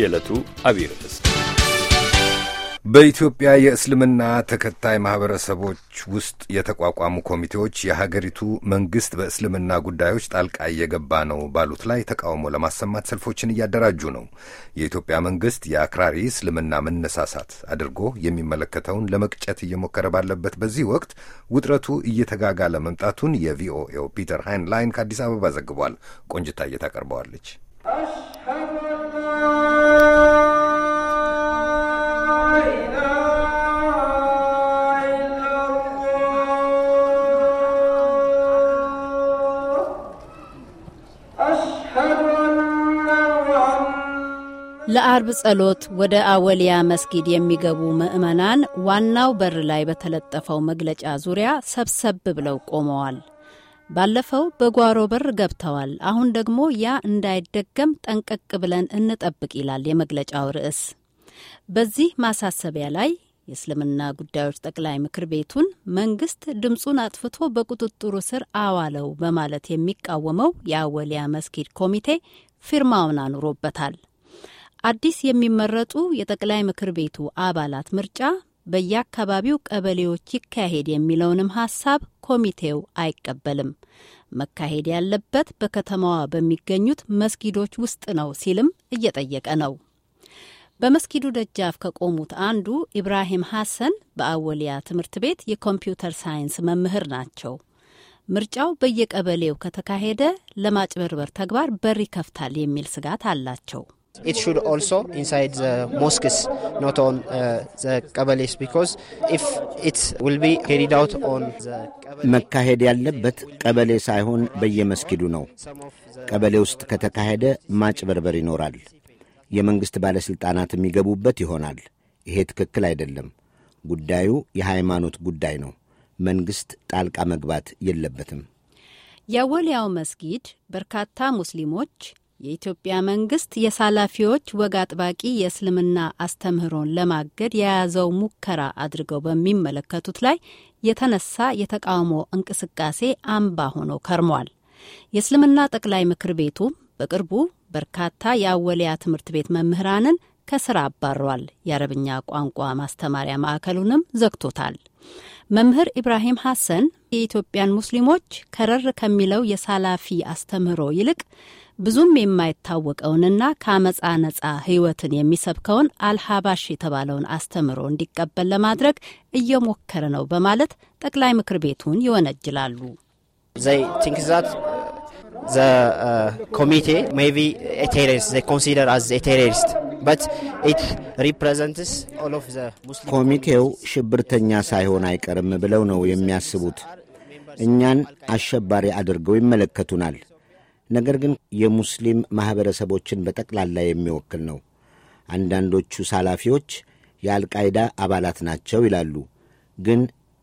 የዕለቱ አብይ ርዕስ በኢትዮጵያ የእስልምና ተከታይ ማህበረሰቦች ውስጥ የተቋቋሙ ኮሚቴዎች የሀገሪቱ መንግስት በእስልምና ጉዳዮች ጣልቃ እየገባ ነው ባሉት ላይ ተቃውሞ ለማሰማት ሰልፎችን እያደራጁ ነው። የኢትዮጵያ መንግስት የአክራሪ እስልምና መነሳሳት አድርጎ የሚመለከተውን ለመቅጨት እየሞከረ ባለበት በዚህ ወቅት ውጥረቱ እየተጋጋለ መምጣቱን የቪኦኤው ፒተር ሃይንላይን ከአዲስ አበባ ዘግቧል። ቆንጅታ እየታቀርበዋለች። ለአርብ ጸሎት ወደ አወሊያ መስጊድ የሚገቡ ምዕመናን ዋናው በር ላይ በተለጠፈው መግለጫ ዙሪያ ሰብሰብ ብለው ቆመዋል። ባለፈው በጓሮ በር ገብተዋል። አሁን ደግሞ ያ እንዳይደገም ጠንቀቅ ብለን እንጠብቅ ይላል የመግለጫው ርዕስ። በዚህ ማሳሰቢያ ላይ የእስልምና ጉዳዮች ጠቅላይ ምክር ቤቱን መንግስት ድምፁን አጥፍቶ በቁጥጥሩ ስር አዋለው በማለት የሚቃወመው የአወሊያ መስጊድ ኮሚቴ ፊርማውን አኑሮበታል። አዲስ የሚመረጡ የጠቅላይ ምክር ቤቱ አባላት ምርጫ በየአካባቢው ቀበሌዎች ይካሄድ የሚለውንም ሀሳብ ኮሚቴው አይቀበልም። መካሄድ ያለበት በከተማዋ በሚገኙት መስጊዶች ውስጥ ነው ሲልም እየጠየቀ ነው። በመስጊዱ ደጃፍ ከቆሙት አንዱ ኢብራሂም ሐሰን በአወሊያ ትምህርት ቤት የኮምፒውተር ሳይንስ መምህር ናቸው። ምርጫው በየቀበሌው ከተካሄደ ለማጭበርበር ተግባር በር ይከፍታል የሚል ስጋት አላቸው። It should also inside the mosques, not on uh, the Kabbalists, because if it will be carried out on the መካሄድ ያለበት ቀበሌ ሳይሆን በየመስጊዱ ነው። ቀበሌ ውስጥ ከተካሄደ ማጭበርበር ይኖራል። የመንግሥት ባለሥልጣናት የሚገቡበት ይሆናል። ይሄ ትክክል አይደለም። ጉዳዩ የሃይማኖት ጉዳይ ነው። መንግሥት ጣልቃ መግባት የለበትም። የወሊያው መስጊድ በርካታ ሙስሊሞች የኢትዮጵያ መንግስት የሳላፊዎች ወግ አጥባቂ የእስልምና አስተምህሮን ለማገድ የያዘው ሙከራ አድርገው በሚመለከቱት ላይ የተነሳ የተቃውሞ እንቅስቃሴ አምባ ሆኖ ከርሟል። የእስልምና ጠቅላይ ምክር ቤቱ በቅርቡ በርካታ የአወሊያ ትምህርት ቤት መምህራንን ከስራ አባሯል። የአረብኛ ቋንቋ ማስተማሪያ ማዕከሉንም ዘግቶታል። መምህር ኢብራሂም ሐሰን የኢትዮጵያን ሙስሊሞች ከረር ከሚለው የሳላፊ አስተምህሮ ይልቅ ብዙም የማይታወቀውንና ከአመፃ ነጻ ህይወትን የሚሰብከውን አልሃባሽ የተባለውን አስተምሮ እንዲቀበል ለማድረግ እየሞከረ ነው በማለት ጠቅላይ ምክር ቤቱን ይወነጅላሉ። uh, uh, ኮሚቴው ሽብርተኛ ሳይሆን አይቀርም ብለው ነው የሚያስቡት። እኛን አሸባሪ አድርገው ይመለከቱናል። ነገር ግን የሙስሊም ማኅበረሰቦችን በጠቅላላ የሚወክል ነው። አንዳንዶቹ ሳላፊዎች የአልቃይዳ አባላት ናቸው ይላሉ። ግን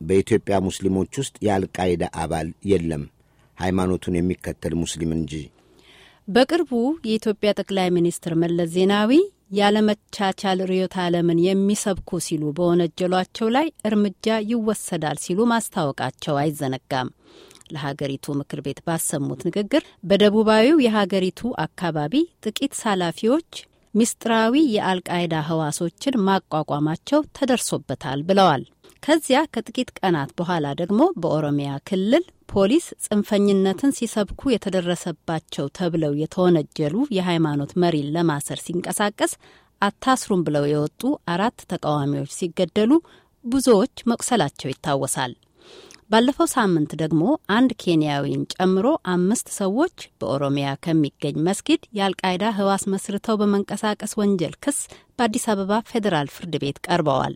በኢትዮጵያ ሙስሊሞች ውስጥ የአልቃይዳ አባል የለም፣ ሃይማኖቱን የሚከተል ሙስሊም እንጂ። በቅርቡ የኢትዮጵያ ጠቅላይ ሚኒስትር መለስ ዜናዊ ያለመቻቻል ርዕዮተ ዓለምን የሚሰብኩ ሲሉ በወነጀሏቸው ላይ እርምጃ ይወሰዳል ሲሉ ማስታወቃቸው አይዘነጋም። ለሀገሪቱ ምክር ቤት ባሰሙት ንግግር በደቡባዊው የሀገሪቱ አካባቢ ጥቂት ሳላፊዎች ምስጢራዊ የአልቃይዳ ህዋሶችን ማቋቋማቸው ተደርሶበታል ብለዋል። ከዚያ ከጥቂት ቀናት በኋላ ደግሞ በኦሮሚያ ክልል ፖሊስ ጽንፈኝነትን ሲሰብኩ የተደረሰባቸው ተብለው የተወነጀሉ የሃይማኖት መሪን ለማሰር ሲንቀሳቀስ አታስሩም ብለው የወጡ አራት ተቃዋሚዎች ሲገደሉ ብዙዎች መቁሰላቸው ይታወሳል። ባለፈው ሳምንት ደግሞ አንድ ኬንያዊን ጨምሮ አምስት ሰዎች በኦሮሚያ ከሚገኝ መስጊድ የአልቃይዳ ህዋስ መስርተው በመንቀሳቀስ ወንጀል ክስ በአዲስ አበባ ፌዴራል ፍርድ ቤት ቀርበዋል።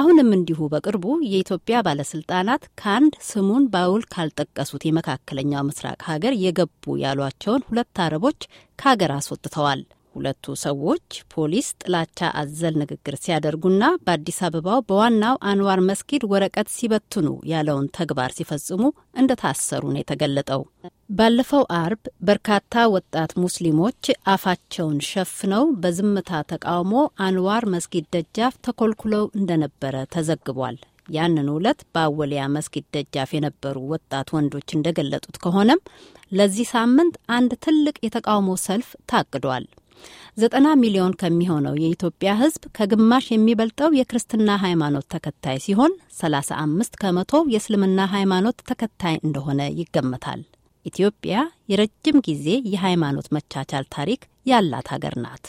አሁንም እንዲሁ በቅርቡ የኢትዮጵያ ባለስልጣናት ከአንድ ስሙን በውል ካልጠቀሱት የመካከለኛው ምስራቅ ሀገር የገቡ ያሏቸውን ሁለት አረቦች ከሀገር አስወጥተዋል። ሁለቱ ሰዎች ፖሊስ ጥላቻ አዘል ንግግር ሲያደርጉና በአዲስ አበባው በዋናው አንዋር መስጊድ ወረቀት ሲበትኑ ያለውን ተግባር ሲፈጽሙ እንደታሰሩ ነው የተገለጠው። ባለፈው አርብ በርካታ ወጣት ሙስሊሞች አፋቸውን ሸፍነው በዝምታ ተቃውሞ አንዋር መስጊድ ደጃፍ ተኮልኩለው እንደነበረ ተዘግቧል። ያንን ዕለት በአወሊያ መስጊድ ደጃፍ የነበሩ ወጣት ወንዶች እንደገለጡት ከሆነም ለዚህ ሳምንት አንድ ትልቅ የተቃውሞ ሰልፍ ታቅዷል። ዘጠና ሚሊዮን ከሚሆነው የኢትዮጵያ ሕዝብ ከግማሽ የሚበልጠው የክርስትና ሃይማኖት ተከታይ ሲሆን 35 ከመቶ የእስልምና ሃይማኖት ተከታይ እንደሆነ ይገመታል። ኢትዮጵያ የረጅም ጊዜ የሃይማኖት መቻቻል ታሪክ ያላት ሀገር ናት።